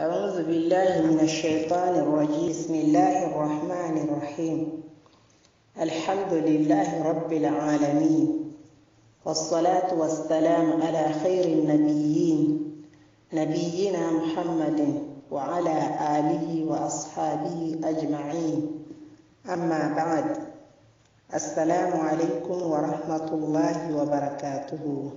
أعوذ بالله من الشيطان الرجيم بسم الله الرحمن الرحيم الحمد لله رب العالمين والصلاة والسلام على خير النبيين نبينا محمد وعلى آله وأصحابه أجمعين أما بعد السلام عليكم ورحمة الله وبركاته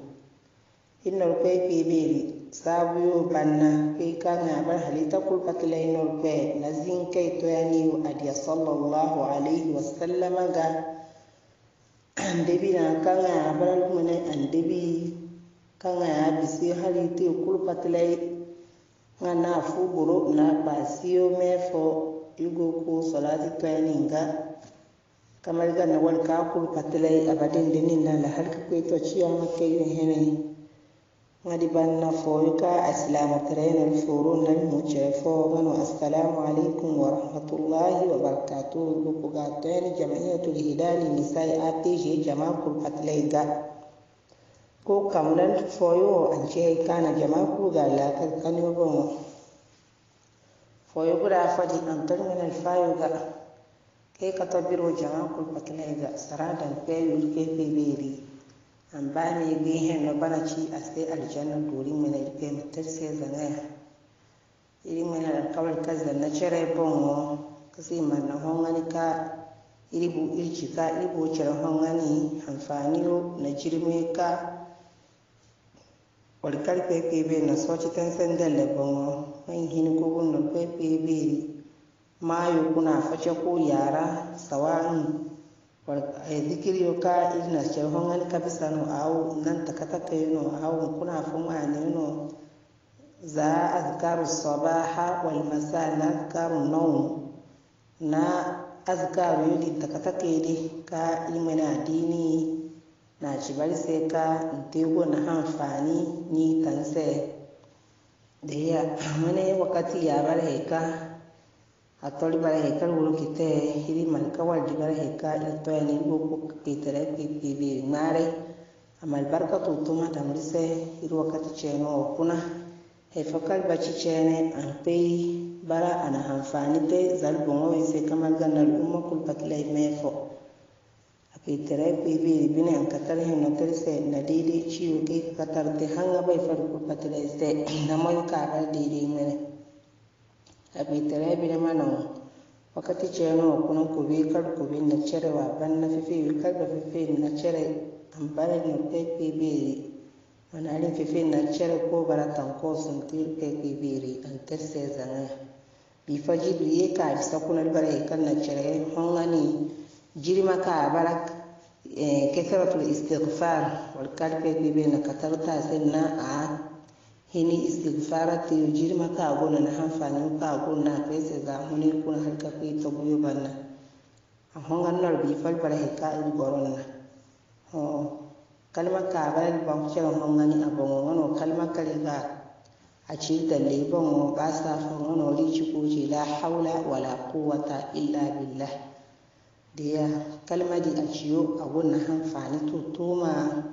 إن الكيف بيري saabuyo banna ke ka ŋaabar halita kulpatilainol pe na zinkai toyaniw adiya salllahu alaihi wasallama ga an debi na ka ŋaabar lumene an debi ka ŋaya bisi halite kulpatilai ŋa na fu boro na basiyo me fo igo ku solati toyani nga kamari ga na wal ka kulpatilai abadin denin na la halka kuito ciyama keyo henei wadibana foyuka asilama trainer furunal mucere fogano assalamu aleykum warahmatullahi wabarakatuh lukugateni jama'iyatul hidali nisai atg jama kulpatlayga ko kamlal foyo ancehey kana jama kuga lakal kanibomo foyo guda fadi antalminal fayuga ke katabiro jama kulpatlayga saradan peyul ke peberi ambani na bana ci sai aljanna dori mena irpe terse zanaya iri mena kawal ka zanna chere bongo kasi manna hongani ka iri bu irci ka iri bu hongani amfani ro na jirme ka walkar pepe na soci tan sandan da bongo man hin ko na pepe mayo kuna fashe ko yara sawa'in Eh, dhikiriyo ka ngani kabisa no au nan takatakayno au kuna fumanino za azkaru sabaha wal masa na azkaru nau na azkaru yodi yidi ka imana dini na chibali seka ka na hanfani ni tanse deya ya wakati ya bar a tɔli bara hekal wolo kitɛ hiri mari ka wal di bara heka ila tɔya ni bo ko kitɛra kibe ŋmaare a mari barka to toma damrisɛ hiri wakati tiɛno wa kuna hefa kal ba ci tiɛne an pei bara ana hanfani te zal boŋo wa se kama gana luma kul bakila i mɛɛ fɔ a kitɛra kibe bine an ka tari hen notɛrisɛ na deede ciyo ke ka tari te haŋa ba i fari kul bakila i sɛ namoyo kaara deede ŋmɛrɛ abitirabi na wa? wakati wa kuna kubi kar kubi na cere wa ban na fifi kar da fifi na cere ambare no pepe biri manalin fifi na cere ko baratan ko sun tir pepe biri an terse zanga bi fa faji duye ka bisa kuna bare kan na cere hongani jirma ka barak كثرة الاستغفار والكلب بين na a. hini istigfara te jirma ka gona na hanfani ka gona kai sai ga hune kun har ka kai ta goyo banna a hongan nar bi fal fara he ka in goron na ho kalma ka ban ban ce hongan ni abon kalma ka a ci da leban wo ba sa fon wono ri ci ko ci la haula wala quwwata illa billah ya kalma di a ciyo a gona to toma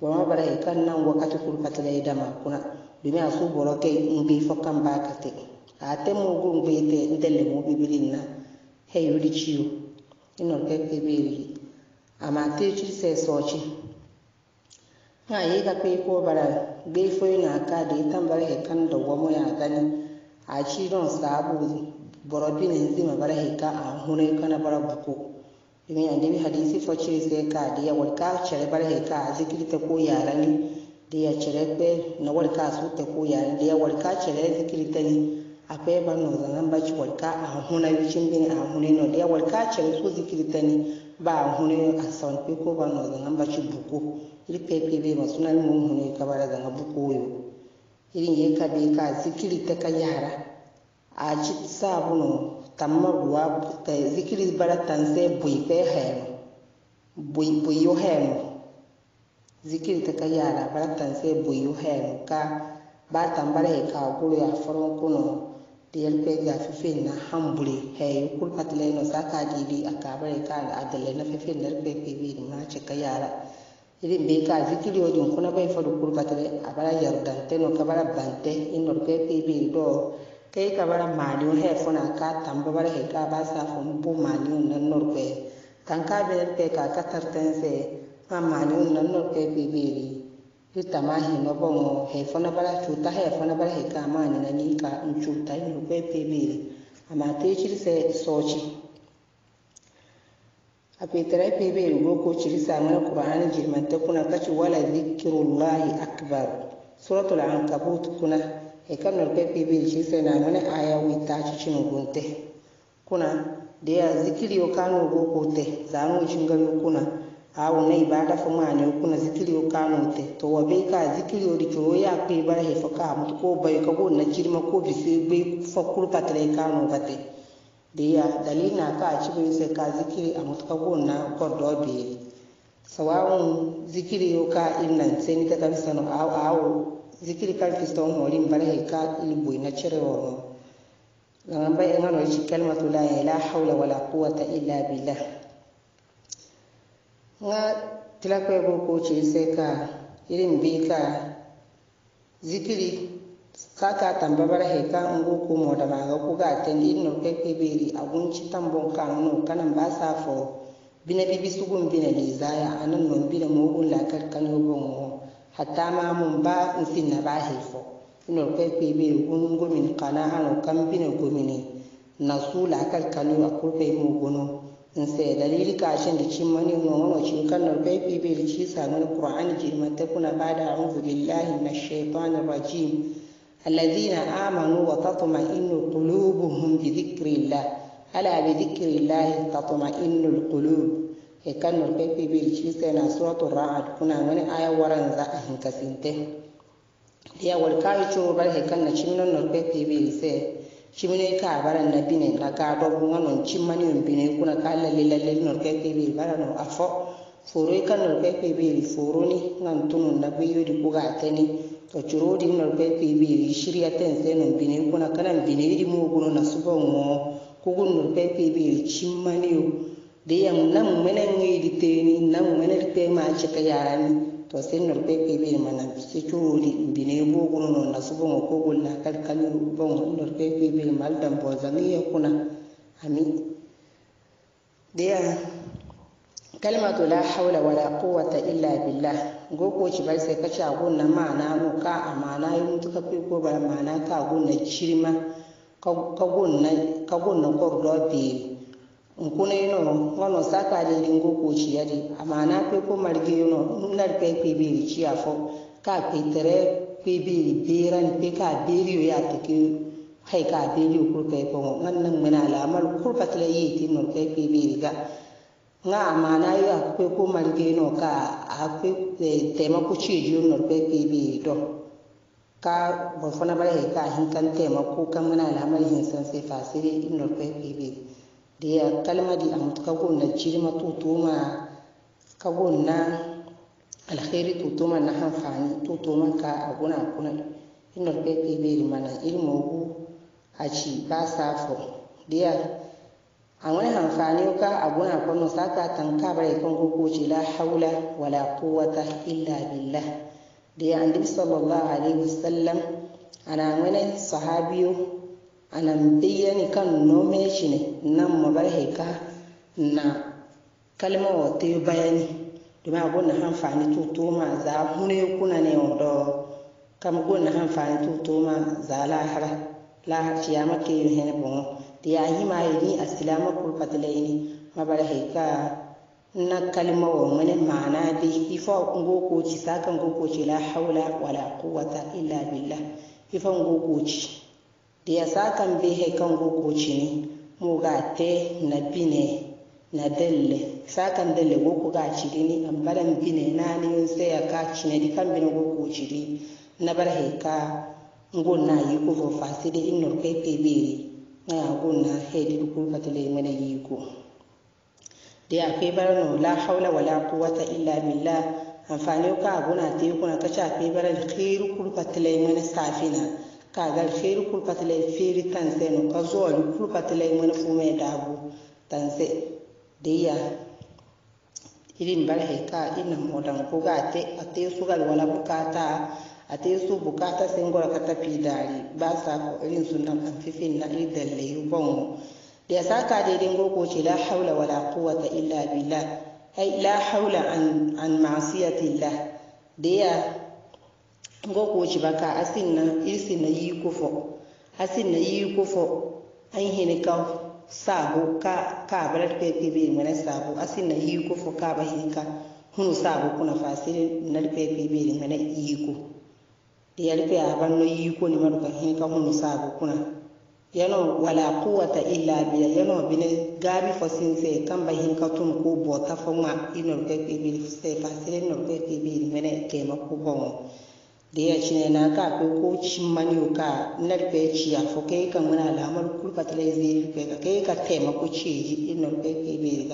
wama bara e kan nan wakkati kurkatila e dama kuna ɗume a suɓoroke mbi fo kam bakate a temmogo mbeyete ndelle mo ɓiɓilin na hey wiɗi ciyo inor pepe ɓeerigi ama tecir se sooci ha ka kwe ko bara gbey foyna kade tan bara he kan dow wamoya gani a sa saabu boro na zima bara he ka a hunay kana bara buko ina yi annabi hadisi ce sai ka diya wal ka cere barhe ka zikiri ta ko da ya cire pe na warka su ta ko yara da ya warka cire zikiri ta ni pe ba no zanan ba ci warka a huna bicin bin a hune no da ya warka cire su zikiri ta ni ba a hune a san pe ko ba no zanan ci buku iri pe be masu nan mun hune ka bara zanga buku yo irin ye ka be ka zikiri ta ka yara a ci sabuno tamma wa zikiri bara tanse bui fe hemu bui bui yo hemu zikiri ta kayara bara tanse bui yo hemu ka ba tambara he ka gulu ya foron kuno diyal pe ga fefe na hambule he kul patile no saka dili akabare ka adale na fefe na pe pe bi na ce kayara ili be ka zikiri odun kuna bai fa dukul patile abara yardan teno no kabara bante inor pe pe bi do kai ka bara maliyo hai funa ka tamba bara hai ka ba sa fun bu maliyo nan nor ke tan ka be ke ka katar tan se ma maliyo nan nor ke be be ri ki tama hi no bo mo hai funa bara chuta hai funa bara hai ka ma ni nan ka un chuta ni ko be be ri ama te chi se so chi a pe tra pe be ri go ko chi sa ma qur'an ji man ta kuna ka chi wala zikrullahi akbar suratul ankabut kuna e kanol pe pibil sena nanone aya wittaci cinugunte kuna deya zikiriyo kanogo kote zano cingayo kuna awuna ibada fo mane kuna zikiriyo kanote to wabe ka zikiriyo dikiro ya kwe bara he fo ka mutu ko bayo ka na cirma ko bise gbe fo kur patre kano kate deya dalina ka cibe se ka zikiri a mutu ka na kordo beri sawawun zikiriyo ka innan sai ni ta kan sano awu. zikiri kalfisto molin bare heka ilbui na cire woro zaman ngam in hano shi kalmatu la ya la haula wala quwwata illa billah nga ko go ko ce se ka irin bi ka zikiri kaka tamba bara heka ngo ko mo da ba ko ga tan din no ke ke beri agun ci tambon kan no kanan ba sa fo bina bibi sugun bina lizaya anan non bina mogun la kar kan yo bon hatta ma mun ba n finna ba hil fo inol koy koy be gon gomin kana hano kambine gomini na sula kal kanu akul koy mu gono in sai dalili ka shin da cin mani no no cin kan no koy koy be ci sanan qur'ani jirman ta kuna bada a'udhu billahi minash shaitanir rajim الذين آمنوا وتطمئن قلوبهم بذكر الله ألا بذكر الله تطمئن القلوب e kan no pe pe bi ci se na suratu ra'd kuna wani aya waran za a hinka sinte ya wal kai cho bar he kan na chimno no pe pe se chimne ka baran na bine na ka do bunga non chimmani on bine kuna ka lalle lalle no pe pe bi barano afo furu i e ka nɔrɔkɛ pebeeri furu ni ŋan tunu na be yodi buga teni to curo di nɔrɔkɛ pebeeri shiriya tɛnsɛ no bine kuna kana bine di mo gono na suba kugun no nɔrɔkɛ pebeeri chimani yo da diyam namu menen ngi di teni namu menen te ma tema cikayani to sen sai norbe kebe mana sai cururi bine bogono no na su bon ko gol na kal kal bon norbe kebe mal dam bo zani ya kuna ami dia kalmatu la hawla wala quwwata illa billah go ko ci bai sai kace agun na mana no ka amana yin duka ka ko bar mana ka gun na cirma ka gun na ka gun na do biyu nkuna no ngono saka ringo liri ngoko ciyadi amana pe ko marge ino nar pe pe ri ciya afo ka pe tere pe bi biran pe ka biri ya tiki kai ka biri ko pe ko ngannan mena lamal kur patla yi tin no pe pe ri ga nga amana yo akpe ko marge no ka ma ku ko ciji no pe pe ri do ka bon fana bare ka hin kan tema ko kan mena lamal hin san sai fasiri no pe pe ri dia kalma di amut kagun na jirma tutuma kagun na alheri tutuma na hanfani tutuma ka aguna kuna ina pepe beri mana ilmo a aci ba safo a wani hanfani ka aguna kono saka tanka bari kongo ko la haula wala quwwata illa billah dia annabi sallallahu alaihi wasallam ana wani sahabiyo alamtiyani kan shi ne nan mabar heka na kalma wata bayani domin abu na hanfani tuto ma za hune kuna ne do kam gun na hanfani tuto ma za lahara lahar ya maka yi hini bon da ya yi ma yi asilama kulfatlaini mabar heka na kalma wa wani ma'ana bi ifa gokoci sakan gokoci la haula wala kowata illa billah ifa gokoci diya sakan be he kango kucini muga te na bine na sa kan dalle goko ga a ambaran bine na ni sai ya ka ne di kan bine goku ciri na bar he ka na yi ko fo da inno kai kai beri na gonna he di ku fatale mana yi ko diya kai no la haula wala quwwata illa billah amfani ka gona te kuna a kai baral khairu kul fatale mana safina kagal feri kul patilay feri tanse no ka zoli kul patilay mana fume dabu tanse deya irin barhe ka ina modan ko ga te ate sugal wala bukata ate su bukata sengora kata ba sa ko irin sunan kan fifin na idan le yubon da ya saka daidai goko ce la haula wala quwwata illa billah ai la haula an an ma'siyati da deya na isi na yi kufo fo na yi fo an hini ka sabu ka ka balat pe bi be ngana asin na yi fo ka ba hini ka hunu sabu kuna fasiri nal pe pe yi ku yiko de yal pe aban yi ku ni maru ka hini ka hunu sabu kuna yano wala quwwata illa billah yano bine gabi fo sinse kan ba hini ka tun ko bota fo ma inor pe pe be se fasiri nor pe pe be ngana kema ko bongo deya na ka pe ko cimmaniyo ka na rufe ci a fuka yi kan wani alamar kulfatala zai rufe ka kai ka taimako ciji inar pe ke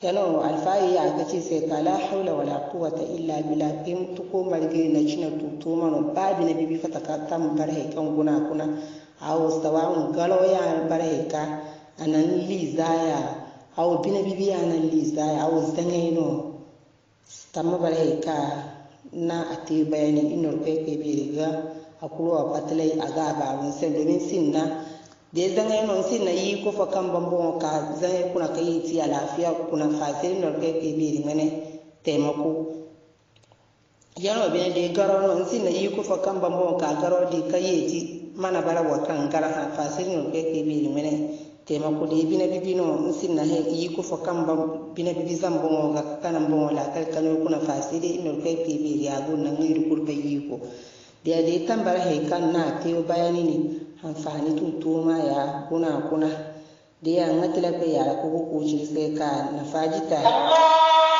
ta nan alfahari ya ka ce sai ka la haula wala ta illa la fi mutu ko marge na cina tuto ba babi na bibi fata ka mu bar haikan guna kuna awo mu galo ya nan li anan lizaya bi bina bibi anan lizaya no ta mu bar haika na ate bayani ino kai kai be riga akuro a patlai ba mun san domin sinna de zanga ino sinna yi ko fa kan bambo ka zanga kuna kai ti a lafiya kuna fasir ino kai kai be riga ne taimako yano bene de garo no sinna yi ko fa kan bambo ka garo di kai ti mana bara wa kan gara fasir ino kai kai be riga ne taimako da bina bibino nsinna he yiko fo kamba bina bibi zambo ga kana mbongo la kal na kuna faside ino kai bi ya gonna ngiru kurbe yiko dia de tambara he kan na teo bayani ni hanfani ma ya kuna kuna dia ngatila pe ya ko ko ko ka na fajita Allah